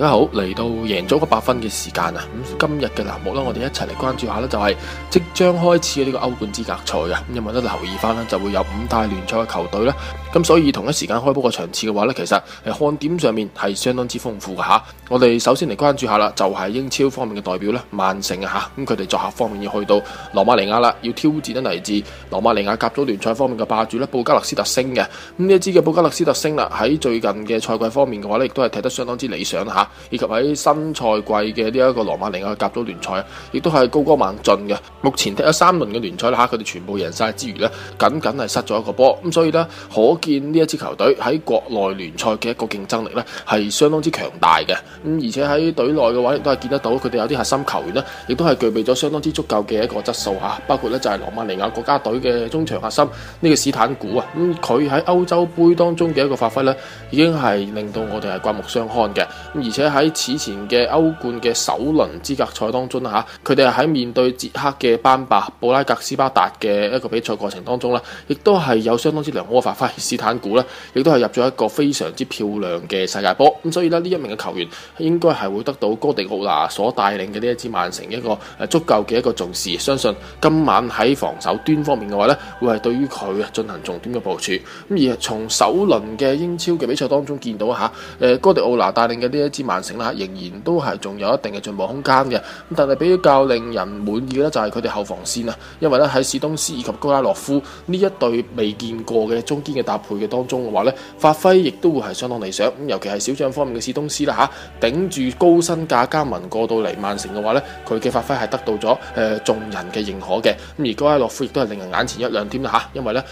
大家好，嚟到贏足 100FUN 嘅時間啊！咁今日嘅題目啦，我哋一齊嚟關注下咧，就係即將開始嘅呢個歐冠資格賽啊！咁有冇得留意翻呢就會有五大聯賽嘅球隊啦。咁所以同一時間開波個場次嘅話呢，其實係看點上面係相當之豐富㗎嚇。我哋首先嚟關注下啦，就係、是、英超方面嘅代表咧，曼城啊嚇，咁佢哋作客方面要去到羅馬尼亞啦，要挑戰得嚟自羅馬尼亞甲組聯賽方面嘅霸主咧，布加勒斯特星嘅。咁呢一支嘅布加勒斯特星啦，喺最近嘅賽季方面嘅話呢，亦都係踢得相當之理想嚇。以及喺新賽季嘅呢一個羅馬尼亞甲組聯賽啊，亦都係高歌猛進嘅。目前踢咗三輪嘅聯賽，吓，佢哋全部贏晒之餘咧，僅僅係失咗一個波。咁所以咧，可見呢一支球隊喺國內聯賽嘅一個競爭力咧，係相當之強大嘅。咁而且喺隊內嘅話，亦都係見得到佢哋有啲核心球員咧，亦都係具備咗相當之足夠嘅一個質素吓，包括咧就係羅馬尼亞國家隊嘅中場核心呢個史坦古啊。咁佢喺歐洲盃當中嘅一個發揮咧，已經係令到我哋係刮目相看嘅。咁而且。而且喺此前嘅歐冠嘅首輪資格賽當中吓，佢哋喺面對捷克嘅班霸布拉格斯巴達嘅一個比賽過程當中啦，亦都係有相當之良好嘅發揮，斯坦古咧，亦都係入咗一個非常之漂亮嘅世界波。咁所以咧，呢一名嘅球員應該係會得到哥迪奧拿所帶領嘅呢一支曼城一個誒足夠嘅一個重視，相信今晚喺防守端方面嘅話咧，會係對於佢進行重點嘅部署。咁而從首輪嘅英超嘅比賽當中見到吓，誒哥迪奧拿帶領嘅呢一支曼城啦，仍然都係仲有一定嘅進步空間嘅。咁但係比較令人滿意咧，就係佢哋後防線啊。因為咧喺史東斯以及高拉洛夫呢一對未見過嘅中堅嘅搭配嘅當中嘅話咧，發揮亦都會係相當理想。咁尤其係小將方面嘅史東斯啦吓，頂住高身價加盟過到嚟曼城嘅話咧，佢嘅發揮係得到咗誒眾人嘅認可嘅。咁而高拉洛夫亦都係令人眼前一亮添啦吓，因為咧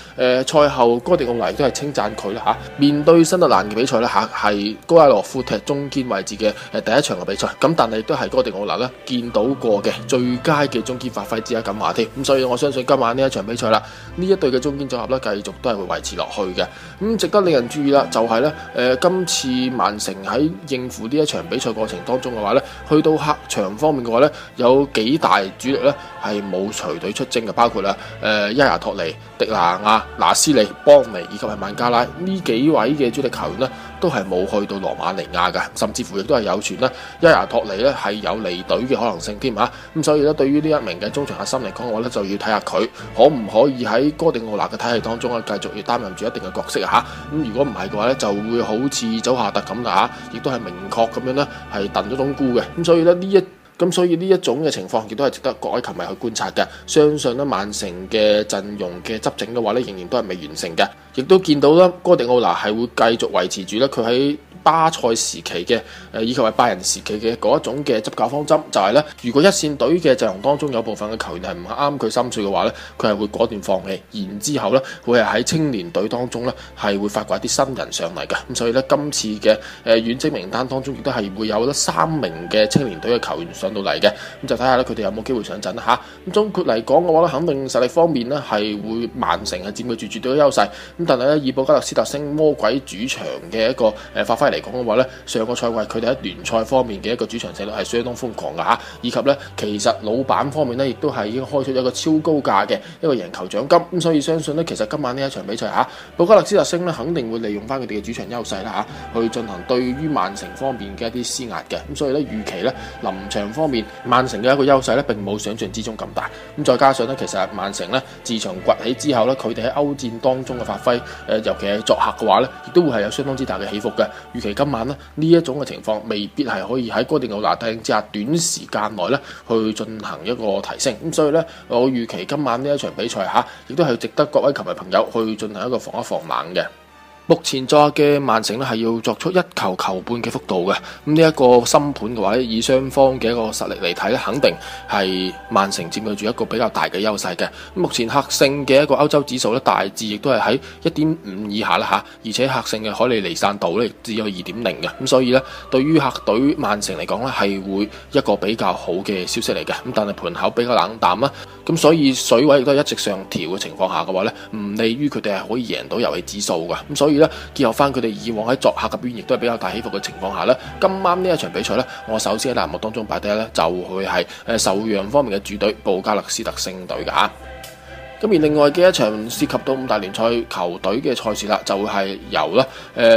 誒賽後哥迪奧尼都係稱讚佢啦吓。面對新特蘭嘅比賽咧吓，係、啊、高拉洛夫踢中堅位自己第一場嘅比賽，咁但係亦都係哥迪奧拿咧見到過嘅最佳嘅中堅發揮之一咁話添，咁所以我相信今晚呢一場比賽啦，呢一隊嘅中堅組合咧繼續都係會維持落去嘅。咁、嗯、值得令人注意啦，就係咧誒今次曼城喺應付呢一場比賽過程當中嘅話咧，去到客場方面嘅話咧，有幾大主力咧係冇隨隊出征嘅，包括啦誒、呃、伊牙托尼、迪蘭亞、拿斯利、邦尼以及係曼加拉呢幾位嘅主力球員咧。都係冇去到羅馬尼亞㗎，甚至乎亦都係有傳啦，伊亞托尼咧係有離隊嘅可能性添吓，咁所以咧，對於呢一名嘅中場核心嚟講，我咧就要睇下佢可唔可以喺哥迪奧拿嘅體系當中啊，繼續要擔任住一定嘅角色吓，咁如果唔係嘅話咧，就會好似走下特咁啦嚇，亦都係明確咁樣咧係燉咗冬菇嘅。咁所以咧呢一咁所以呢一種嘅情況，亦都係值得各位球迷去觀察嘅。相信咧曼城嘅陣容嘅執整嘅話咧，仍然都係未完成嘅，亦都見到啦，哥迪奧拿係會繼續維持住咧佢喺巴塞時期嘅，誒，以及係拜仁時期嘅嗰一種嘅執教方針，就係、是、咧，如果一線隊嘅陣容當中有部分嘅球員係唔啱佢心水嘅話咧，佢係會果斷放棄，然之後咧，會係喺青年隊當中咧係會發掘一啲新人上嚟嘅。咁所以咧，今次嘅誒、呃、遠征名單當中亦都係會有咗三名嘅青年隊嘅球員上到嚟嘅。咁就睇下咧，佢哋有冇機會上陣啦嚇。咁總括嚟講嘅話咧，肯定實力方面咧係會曼城係佔據住絕對嘅優勢。咁但係咧，以布加勒斯特星魔鬼主場嘅一個誒發揮嚟講嘅話咧，上個賽季佢哋喺聯賽方面嘅一個主場勢力係相當瘋狂嘅吓，以及咧其實老闆方面咧亦都係已經開出了一個超高價嘅一個贏球獎金，咁所以相信咧其實今晚呢一場比賽吓，布加勒斯特星咧肯定會利用翻佢哋嘅主場優勢啦吓，去進行對於曼城方面嘅一啲施壓嘅，咁所以咧預期咧臨場方面曼城嘅一個優勢咧並冇想象之中咁大，咁再加上咧其實曼城咧自從崛起之後咧，佢哋喺歐戰當中嘅發揮，誒尤其係作客嘅話咧，亦都會係有相當之大嘅起伏嘅。預期今晚呢，呢一種嘅情況，未必係可以喺哥迪奧拿頂之下短時間內呢去進行一個提升，咁所以呢，我預期今晚呢一場比賽吓，亦都係值得各位球迷朋友去進行一個防一防冷嘅。目前作嘅曼城呢係要作出一球球半嘅幅度嘅，咁呢一個新盤嘅話，以雙方嘅一個實力嚟睇，呢肯定係曼城佔據住一個比較大嘅優勢嘅，嗯。目前客勝嘅一個歐洲指數呢大致亦都係喺一點五以下啦吓，啊，而且客勝嘅海利尼散度呢，只有二點零嘅，咁所以呢，對於客隊曼城嚟講呢係會一個比較好嘅消息嚟嘅。咁，嗯，但係盤口比較冷淡啦，咁所以水位亦都係一直上調嘅情況下嘅話呢唔利於佢哋係可以贏到遊戲指數㗎。咁，嗯，所以結合翻佢哋以往喺作客嘅表現，亦都係比較大起伏嘅情況下呢，今晚呢一場比賽呢，我首先喺欄目當中擺低咧，就會係誒受讓方面嘅主隊布加勒斯特勝隊噶。咁而另外嘅一場涉及到五大聯賽球隊嘅賽事啦，就係由咧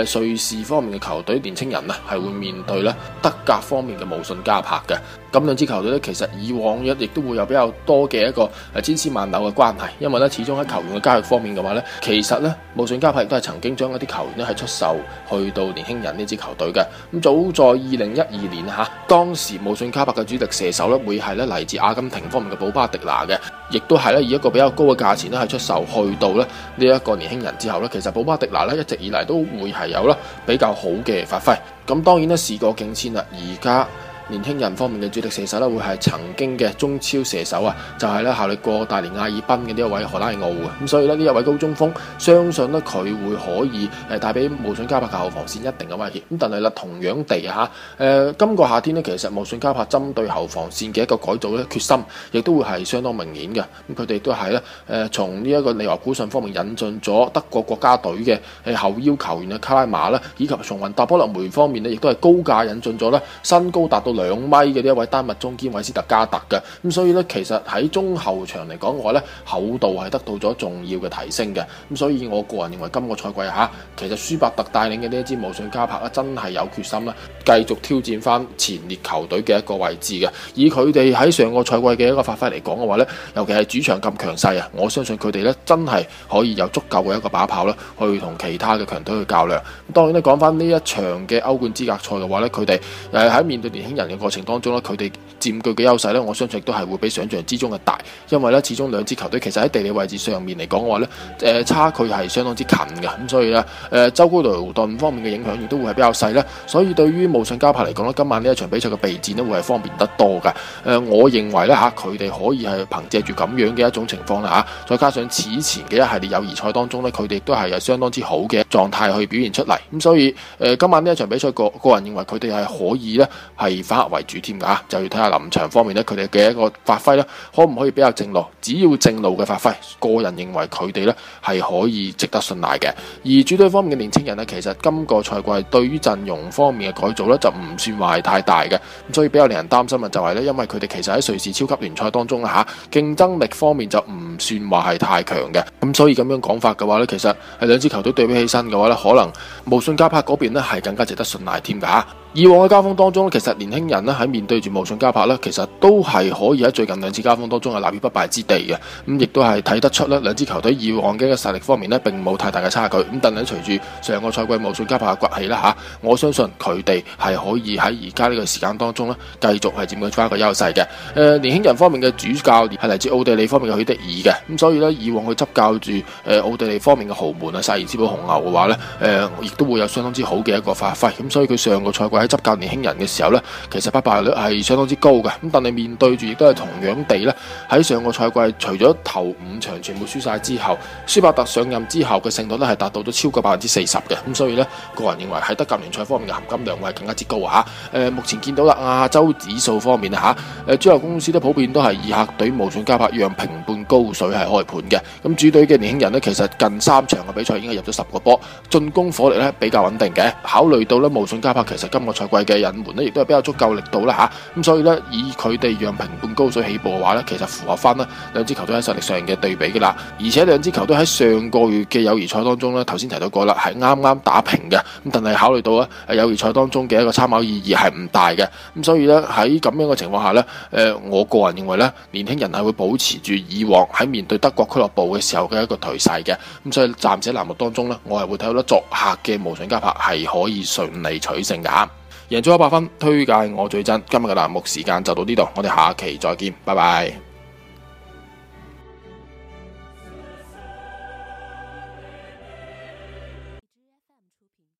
誒瑞士方面嘅球隊年輕人呢係會面對咧德甲方面嘅慕遜加柏嘅。咁兩支球隊咧，其實以往一亦都會有比較多嘅一個千絲萬縷嘅關係，因為咧始終喺球員嘅交易方面嘅話咧，其實咧慕遜加柏亦都係曾經將一啲球員咧係出售去到年輕人呢支球隊嘅。咁早在二零一二年嚇，當時慕遜加柏嘅主力射手咧，會係咧嚟自阿根廷方面嘅保巴迪拿嘅。亦都係咧，以一個比較高嘅價錢咧，係出售去到咧呢一個年輕人之後咧，其實保巴迪拿咧一直以嚟都會係有啦比較好嘅發揮。咁當然咧，事過境遷啦，而家。年輕人方面嘅主力射手咧，會係曾經嘅中超射手啊，就係、是、咧效力過大連阿爾濱嘅呢一位荷拉奧嘅。咁所以呢，呢一位高中鋒，相信呢，佢會可以誒帶俾莫遜加柏嘅後防線一定嘅威脅。咁但係啦，同樣地啊，誒、呃、今個夏天呢，其實莫遜加柏針對後防線嘅一個改造嘅決心，亦都會係相當明顯嘅。咁佢哋都係咧，誒從呢一個利華古信方面引進咗德國國家隊嘅誒後腰球員嘅卡拉馬啦，以及從雲達波洛梅方面呢，亦都係高價引進咗咧身高達到兩米嘅呢一位丹麥中堅韋斯特加特嘅，咁所以呢，其實喺中後場嚟講嘅話呢，厚度係得到咗重要嘅提升嘅，咁所以我個人認為今個賽季吓，其實舒伯特帶領嘅呢一支慕遜加柏咧，真係有決心啦，繼續挑戰翻前列球隊嘅一個位置嘅，以佢哋喺上個賽季嘅一個發揮嚟講嘅話呢，尤其係主場咁強勢啊，我相信佢哋呢真係可以有足夠嘅一個把炮啦，去同其他嘅強隊去較量。當然咧，講翻呢一場嘅歐冠資格賽嘅話呢，佢哋誒喺面對年輕人嘅過程當中呢，佢哋佔據嘅優勢呢，我相信亦都係會比想象之中嘅大。因為呢，始終兩支球隊其實喺地理位置上面嚟講嘅話呢，誒差距係相當之近嘅。咁所以呢，誒、呃、舟車勞頓方面嘅影響亦都會係比較細啦，所以對於慕遜加柏嚟講呢，今晚呢一場比賽嘅備戰咧，會係方便得多嘅。誒，我認為呢吓，佢哋可以係憑借住咁樣嘅一種情況啦吓，再加上此前嘅一系列友誼賽當中呢，佢哋都係有相當之好嘅狀態去表現出嚟。咁所以，呃、今晚呢一場比賽，個人認為佢哋係可以咧，係反客為主添㗎、啊、就要睇下臨場方面咧，佢哋嘅一個發揮呢可唔可以比較正路？只要正路嘅發揮，個人認為佢哋咧係可以值得信賴嘅。而主隊方面嘅年輕人咧，其實今個賽季對於陣容方面嘅改造咧，就唔算話係太大嘅，咁所以比較令人擔心嘅就係咧，因為佢哋其實喺瑞士超級聯賽當中吓，啊、競爭力方面就唔算話係太強嘅，咁所以咁樣講法嘅話咧，其實，係兩支球隊對比起身嘅話咧，可能。無信家拍嗰邊呢，係更加值得信賴添㗎。以往嘅交鋒當中其實年輕人咧喺面對住慕遜加柏咧，其實都係可以喺最近兩次交鋒當中係立於不敗之地嘅。咁亦都係睇得出咧，兩支球隊以往嘅實力方面咧，並冇太大嘅差距。咁但係隨住上個賽季慕遜加柏嘅崛起啦吓，我相信佢哋係可以喺而家呢個時間當中咧，繼續係佔據翻一個優勢嘅。誒、呃，年輕人方面嘅主教練係嚟自奧地利方面嘅許德爾嘅。咁所以咧，以往佢執教住誒奧地利方面嘅豪門啊，薩爾茨堡紅牛嘅話咧，誒、呃，亦都會有相當之好嘅一個發揮。咁所以佢上個賽季。喺執教年輕人嘅時候呢，其實不敗率係相當之高嘅。咁但係面對住亦都係同樣地呢，喺上個賽季除咗頭五場全部輸晒之後，舒伯特上任之後嘅勝率呢係達到咗超過百分之四十嘅。咁所以呢，個人認為喺德甲聯賽方面嘅含金量會係更加之高啊！誒，目前見到啦，亞洲指數方面啊吓，誒，主流公司都普遍都係以客隊無損加拍讓平半高水係開盤嘅。咁主隊嘅年輕人呢，其實近三場嘅比賽已經係入咗十個波，進攻火力呢比較穩定嘅。考慮到呢無損加拍其實今個賽季嘅引援呢，亦都係比較足夠力度啦，吓，咁所以呢，以佢哋讓平半高水起步嘅話呢，其實符合翻啦兩支球隊喺實力上嘅對比噶啦，而且兩支球隊喺上個月嘅友誼賽當中呢，頭先提到過啦，係啱啱打平嘅，咁但係考慮到啊，友誼賽當中嘅一個參考意義係唔大嘅，咁所以呢，喺咁樣嘅情況下呢，誒我個人認為呢，年輕人係會保持住以往喺面對德國俱樂部嘅時候嘅一個頹勢嘅，咁所以暫時欄目當中呢，我係會睇到咧作客嘅無損加拍係可以順利取勝噶。贏咗一百分，推介我最真。今日嘅欄目時間就到呢度，我哋下期再見，拜拜。